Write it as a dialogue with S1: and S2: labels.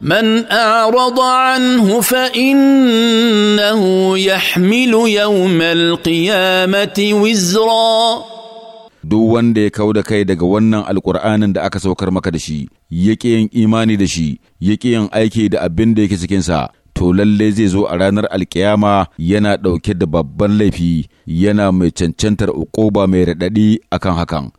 S1: من اعرض عنه فانه يحمل يوم القيامه وزرا
S2: duk wanda ya kau da kai daga wannan alkur'anin da aka saukar maka da shi ya yin imani da shi ya yin aiki da abin da yake cikinsa to lalle zai zo a ranar alkiyama yana ɗauke da babban laifi yana mai cancantar uƙoba mai raɗaɗi akan hakan